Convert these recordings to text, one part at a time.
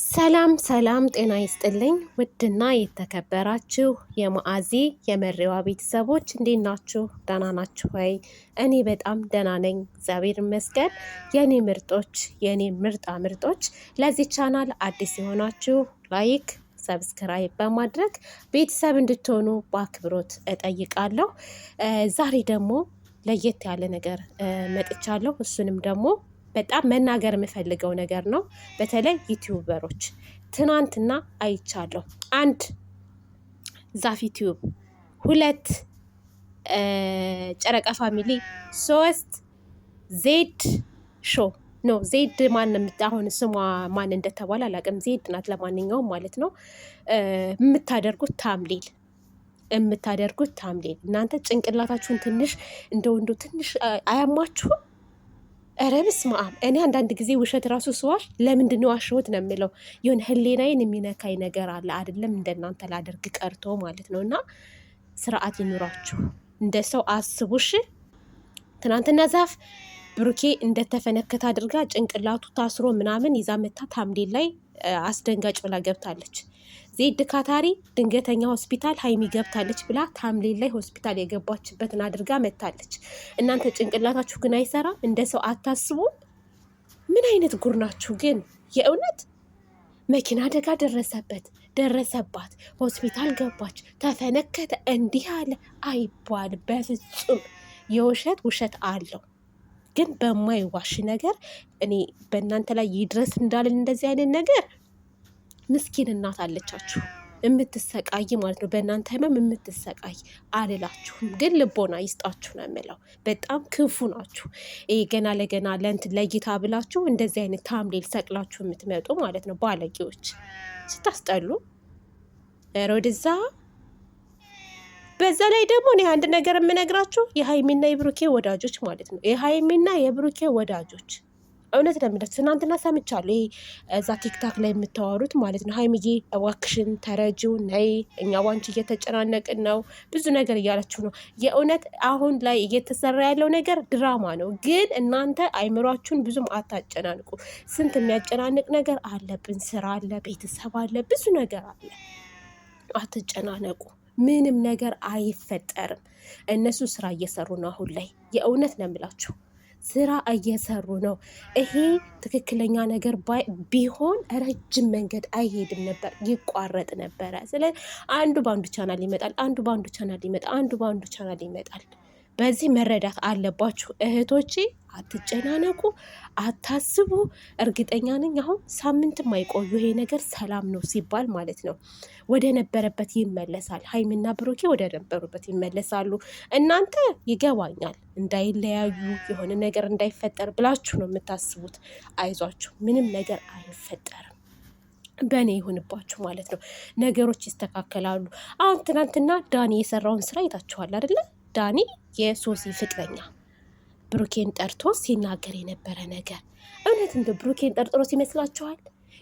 ሰላም ሰላም፣ ጤና ይስጥልኝ ውድና የተከበራችሁ የማዓዚ የመሪዋ ቤተሰቦች እንዴት ናችሁ? ደህና ናችሁ ወይ? እኔ በጣም ደህና ነኝ፣ እግዚአብሔር ይመስገን። የኔ ምርጦች፣ የኔ ምርጣ ምርጦች፣ ለዚህ ቻናል አዲስ የሆናችሁ ላይክ ሰብስክራይብ በማድረግ ቤተሰብ እንድትሆኑ በአክብሮት እጠይቃለሁ። ዛሬ ደግሞ ለየት ያለ ነገር መጥቻለሁ። እሱንም ደግሞ በጣም መናገር የምፈልገው ነገር ነው። በተለይ ዩቲዩበሮች ትናንትና አይቻለሁ። አንድ ዛፍ ዩቲዩብ፣ ሁለት ጨረቃ ፋሚሊ፣ ሶስት ዜድ ሾ ነው ዜድ ማን አሁን ስሟ ማን እንደተባለ አላውቅም። ዜድ ናት ለማንኛውም ማለት ነው። የምታደርጉት ታምሌል የምታደርጉት ታምሌል እናንተ ጭንቅላታችሁን ትንሽ እንደው ትንሽ አያማችሁም? ኧረ በስመ አብ። እኔ አንዳንድ ጊዜ ውሸት ራሱ ስዋሽ ለምንድን ነው ዋሸሁት ነው የምለው። የሆነ ህሌናዬን የሚነካኝ ነገር አለ አይደለም፣ እንደናንተ ላደርግ ቀርቶ ማለት ነው። እና ስርዓት ይኑራችሁ፣ እንደ ሰው አስቡሽ። ትናንትና ዛፍ ብሩኬ እንደተፈነከተ አድርጋ ጭንቅላቱ ታስሮ ምናምን ይዛ መታ ታምሌ ላይ አስደንጋጭ ብላ ገብታለች። ዜድ ካታሪ ድንገተኛ ሆስፒታል ሀይሚ ገብታለች ብላ ታምሌን ላይ ሆስፒታል የገባችበትን አድርጋ መታለች። እናንተ ጭንቅላታችሁ ግን አይሰራም፣ እንደ ሰው አታስቡም። ምን አይነት ጉር ናችሁ ግን? የእውነት መኪና አደጋ ደረሰበት፣ ደረሰባት፣ ሆስፒታል ገባች፣ ተፈነከተ፣ እንዲህ አለ አይባል። በፍጹም የውሸት ውሸት አለው ግን በማይዋሽ ነገር እኔ በእናንተ ላይ ይድረስ እንዳልን እንደዚህ አይነት ነገር ምስኪን እናት አለቻችሁ የምትሰቃይ ማለት ነው። በእናንተ ህመም የምትሰቃይ አልላችሁም፣ ግን ልቦና ይስጣችሁ ነው የምለው። በጣም ክፉ ናችሁ። ይሄ ገና ለገና ለንት ለይታ ብላችሁ እንደዚህ አይነት ታምሌል ሰቅላችሁ የምትመጡ ማለት ነው ባለጌዎች፣ ስታስጠሉ ሮድዛ። በዛ ላይ ደግሞ እኔ አንድ ነገር የምነግራችሁ የሀይሚና የብሩኬ ወዳጆች ማለት ነው የሀይሚና የብሩኬ ወዳጆች እውነት ነው ትናንትና ሰምቻለሁ። ይሄ እዛ ቲክታክ ላይ የምታወሩት ማለት ነው። ሀይሚዬ እባክሽን ተረጂው ነይ፣ እኛ ዋንች እየተጨናነቅን ነው፣ ብዙ ነገር እያላችሁ ነው። የእውነት አሁን ላይ እየተሰራ ያለው ነገር ድራማ ነው። ግን እናንተ አይምሯችሁን ብዙም አታጨናንቁ። ስንት የሚያጨናንቅ ነገር አለብን። ስራ አለ፣ ቤተሰብ አለ፣ ብዙ ነገር አለ። አትጨናነቁ። ምንም ነገር አይፈጠርም። እነሱ ስራ እየሰሩ ነው አሁን ላይ። የእውነት ነው የምላችሁ። ስራ እየሰሩ ነው። ይሄ ትክክለኛ ነገር ቢሆን ረጅም መንገድ አይሄድም ነበር፣ ይቋረጥ ነበረ። ስለ አንዱ በአንዱ ቻናል ይመጣል፣ አንዱ በአንዱ ቻናል ይመጣል፣ አንዱ በአንዱ ቻናል ይመጣል። በዚህ መረዳት አለባችሁ እህቶቼ። አትጨናነቁ፣ አታስቡ። እርግጠኛ ነኝ አሁን ሳምንት ማይቆዩ ይሄ ነገር ሰላም ነው ሲባል ማለት ነው ወደ ነበረበት ይመለሳል። ሀይሚና ብሩኬ ወደ ነበሩበት ይመለሳሉ። እናንተ ይገባኛል፣ እንዳይለያዩ የሆነ ነገር እንዳይፈጠር ብላችሁ ነው የምታስቡት። አይዟችሁ፣ ምንም ነገር አይፈጠርም። በእኔ ይሁንባችሁ ማለት ነው። ነገሮች ይስተካከላሉ። አሁን ትናንትና ዳኒ የሰራውን ስራ አይታችኋል አይደለ? ዳኒ የሶሲ ፍቅረኛ ብሩኬን ጠርቶ ሲናገር የነበረ ነገር እውነት እንደ ብሩኬን ጠርጥሮ ይመስላችኋል?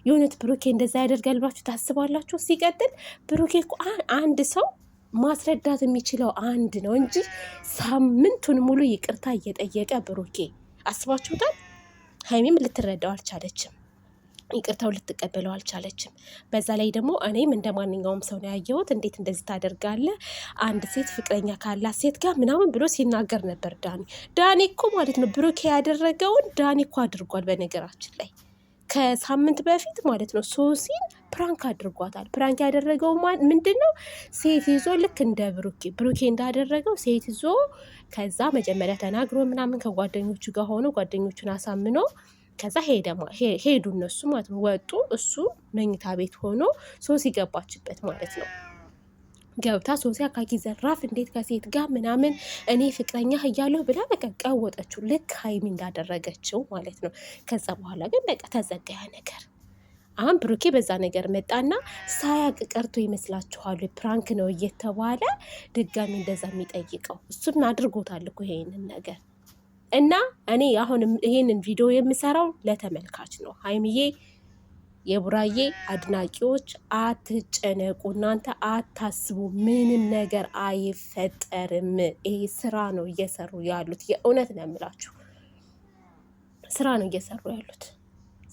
የእውነት ብሩኬ እንደዛ ያደርጋል ብላችሁ ታስባላችሁ? ሲቀጥል ብሩኬ እኮ አንድ ሰው ማስረዳት የሚችለው አንድ ነው እንጂ ሳምንቱን ሙሉ ይቅርታ እየጠየቀ ብሩኬ አስባችሁታል? ሀይሚም ልትረዳው አልቻለችም። ይቅርታው ልትቀበለው አልቻለችም። በዛ ላይ ደግሞ እኔም እንደ ማንኛውም ሰው ነው ያየሁት። እንዴት እንደዚህ ታደርጋለ አንድ ሴት ፍቅረኛ ካላት ሴት ጋር ምናምን ብሎ ሲናገር ነበር ዳኒ። ዳኒ እኮ ማለት ነው ብሩኬ ያደረገውን ዳኒ እኮ አድርጓል። በነገራችን ላይ ከሳምንት በፊት ማለት ነው ሶሲን ፕራንክ አድርጓታል። ፕራንክ ያደረገው ምንድን ነው? ሴት ይዞ ልክ እንደ ብሩኬ ብሩኬ እንዳደረገው ሴት ይዞ ከዛ መጀመሪያ ተናግሮ ምናምን ከጓደኞቹ ጋር ሆኖ ጓደኞቹን አሳምኖ ከዛ ሄደ ሄዱ እነሱ ማለት ነው። ወጡ። እሱ መኝታ ቤት ሆኖ ሶሲ ገባችበት ማለት ነው። ገብታ ሶሲ አካኪ ዘራፍ እንዴት ከሴት ጋር ምናምን እኔ ፍቅረኛ እያለሁ ብላ በቃ ቀወጠችው፣ ልክ ሀይሚ እንዳደረገችው ማለት ነው። ከዛ በኋላ ግን በቃ ተዘጋያ ነገር አሁን ብሩኬ በዛ ነገር መጣና ሳያቅ ቀርቶ ይመስላችኋል ፕራንክ ነው እየተባለ ድጋሚ እንደዛ የሚጠይቀው እሱም አድርጎታል እኮ ይሄንን ነገር እና እኔ አሁን ይሄንን ቪዲዮ የምሰራው ለተመልካች ነው። ሀይምዬ የቡራዬ አድናቂዎች አትጨነቁ፣ እናንተ አታስቡ፣ ምንም ነገር አይፈጠርም። ይሄ ስራ ነው እየሰሩ ያሉት። የእውነት ነው የምላችሁ፣ ስራ ነው እየሰሩ ያሉት።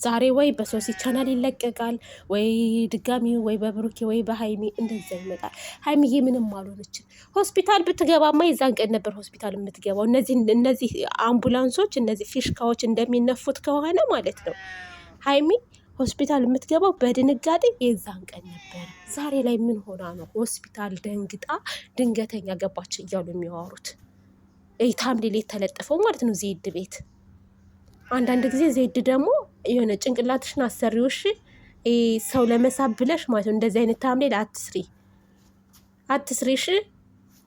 ዛሬ ወይ በሶሲ ቻናል ይለቀቃል ወይ ድጋሚ ወይ በብሩኬ ወይ በሀይሚ እንደዛ ይመጣል። ሀይሚዬ ምንም አልሆነችም። ሆስፒታል ብትገባማ የዛን ቀን ነበር ሆስፒታል የምትገባው። እነዚህ እነዚህ አምቡላንሶች እነዚህ ፊሽካዎች እንደሚነፉት ከሆነ ማለት ነው ሀይሚ ሆስፒታል የምትገባው በድንጋጤ የዛን ቀን ነበረ። ዛሬ ላይ ምን ሆና ነው ሆስፒታል ደንግጣ ድንገተኛ ገባች እያሉ የሚያወሩት? ታምሌል የተለጠፈው ማለት ነው ዜድ ቤት። አንዳንድ ጊዜ ዜድ ደግሞ የሆነ ጭንቅላትሽን አሰሪው ሰው ለመሳብ ብለሽ ማለት ነው። እንደዚህ አይነት ታምሌል አትስሪ አትስሪ።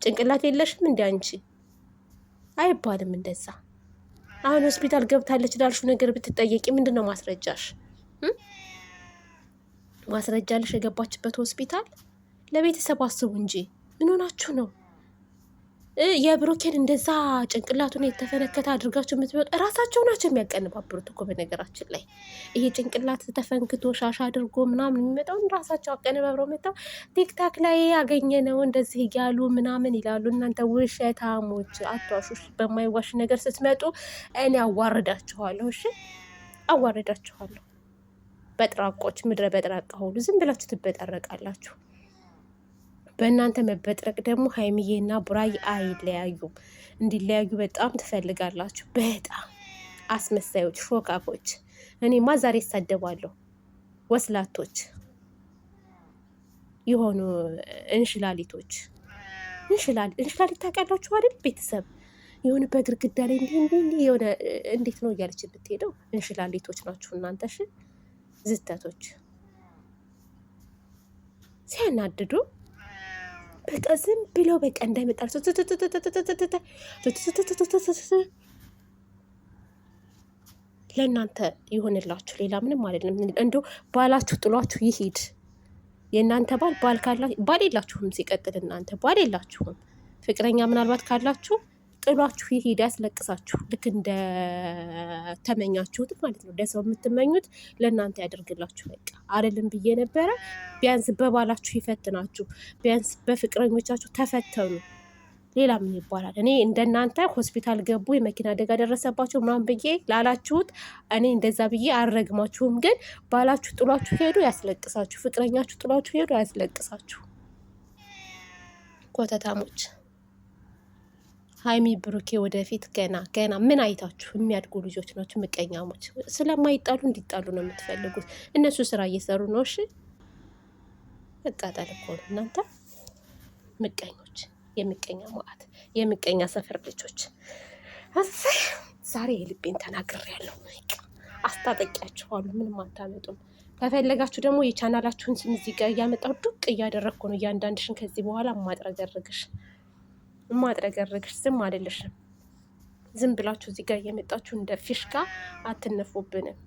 ጭንቅላት የለሽም እንዲ አንቺ አይባልም እንደዛ። አሁን ሆስፒታል ገብታለች ላልሽው ነገር ብትጠየቂ ምንድን ነው ማስረጃሽ? ማስረጃ ልሽ የገባችበት ሆስፒታል ለቤተሰብ አስቡ እንጂ ምን ሆናችሁ ነው? የብሮኬን እንደዛ ጭንቅላቱን የተፈነከተ አድርጋቸው የምትመጡ እራሳቸው ናቸው የሚያቀነባብሩት እኮ። በነገራችን ላይ ይሄ ጭንቅላት ተፈንክቶ ሻሻ አድርጎ ምናምን የሚመጣውን ራሳቸው አቀነባብረው መጥተው ቲክታክ ላይ ነው እንደዚህ እያሉ ምናምን ይላሉ። እናንተ ውሸታሞች፣ አቷሾች በማይዋሽ ነገር ስትመጡ እኔ አዋርዳችኋለሁ። እሺ፣ አዋርዳችኋለሁ። በጥራቆች፣ ምድረ በጥራቃ ሆኑ ዝም ብላችሁ ትበጠረቃላችሁ። በእናንተ መበጥረቅ ደግሞ ሀይሚዬና ቡራይ አይለያዩም። እንዲለያዩ በጣም ትፈልጋላችሁ። በጣም አስመሳዮች፣ ሾካኮች። እኔማ ዛሬ ይሳደባለሁ። ወስላቶች የሆኑ እንሽላሊቶች እንሽላሊት ታውቃላችሁ አይደል? ቤተሰብ የሆነ በግርግዳ ላይ እንዲህ የሆነ እንዴት ነው እያለች ብትሄደው እንሽላሊቶች ናችሁ እናንተ ሽ ዝተቶች ሲያናድዱ በቃ ዝም ብሎ በቃ እንዳይመጣ ለእናንተ ይሆንላችሁ። ሌላ ምንም አይደለም። እንዶ ባላችሁ ጥሏችሁ ይሄድ። የእናንተ ባል ባል ካላ ባል የላችሁም። ሲቀጥል እናንተ ባል የላችሁም። ፍቅረኛ ምናልባት ካላችሁ ጥሏችሁ ይሄድ ያስለቅሳችሁ። ልክ እንደ ተመኛችሁት ማለት ነው። ለሰው የምትመኙት ለእናንተ ያደርግላችሁ። በቃ አይደለም ብዬ ነበረ። ቢያንስ በባላችሁ ይፈትናችሁ፣ ቢያንስ በፍቅረኞቻችሁ ተፈተኑ። ሌላ ምን ይባላል? እኔ እንደናንተ ሆስፒታል ገቡ፣ የመኪና አደጋ ደረሰባቸው ምናምን ብዬ ላላችሁት እኔ እንደዛ ብዬ አልረግማችሁም። ግን ባላችሁ ጥሏችሁ ሄዱ ያስለቅሳችሁ፣ ፍቅረኛችሁ ጥሏችሁ ሄዱ ያስለቅሳችሁ። ኮተታሞች ሀይሚ ብሩኬ ወደፊት ገና ገና ምን አይታችሁ የሚያድጉ ልጆች ናችሁ። ምቀኛሞች ስለማይጣሉ እንዲጣሉ ነው የምትፈልጉት። እነሱ ስራ እየሰሩ ነው። እሺ መቃጠል እኮ ነው እናንተ ምቀኞች፣ የምቀኛ ማአት የምቀኛ ሰፈር ልጆች። ዛሬ የልቤን ተናግሬያለሁ። አስታጠቂያችኋለሁ። ምንም አታመጡም። ከፈለጋችሁ ደግሞ የቻናላችሁን ስም እዚህ ጋር እያመጣሁ ዱቅ እያደረግኩ ነው እያንዳንድሽን ከዚህ በኋላ ማጥረገርግሽ እማጥረገርግሽ ዝም አደለሽም ዝም ብላችሁ እዚህ ጋር እየመጣችሁ እንደ ፊሽካ አትነፉብንም።